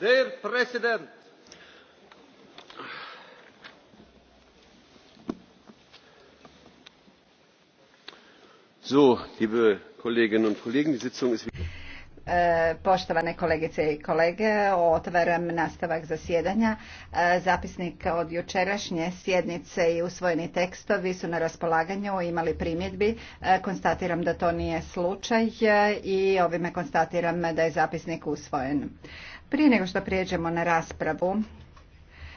Dear President, so, liebe Kolleginnen und Kollegen, die Sitzung ist E, poštovane kolegice i kolege, otvaram nastavak zasjedanja. E, zapisnik od jučerašnje sjednice i usvojeni tekstovi su na raspolaganju, imali primjedbi. E, konstatiram da to nije slučaj i ovime konstatiram da je zapisnik usvojen. Prije nego što prijeđemo na raspravu,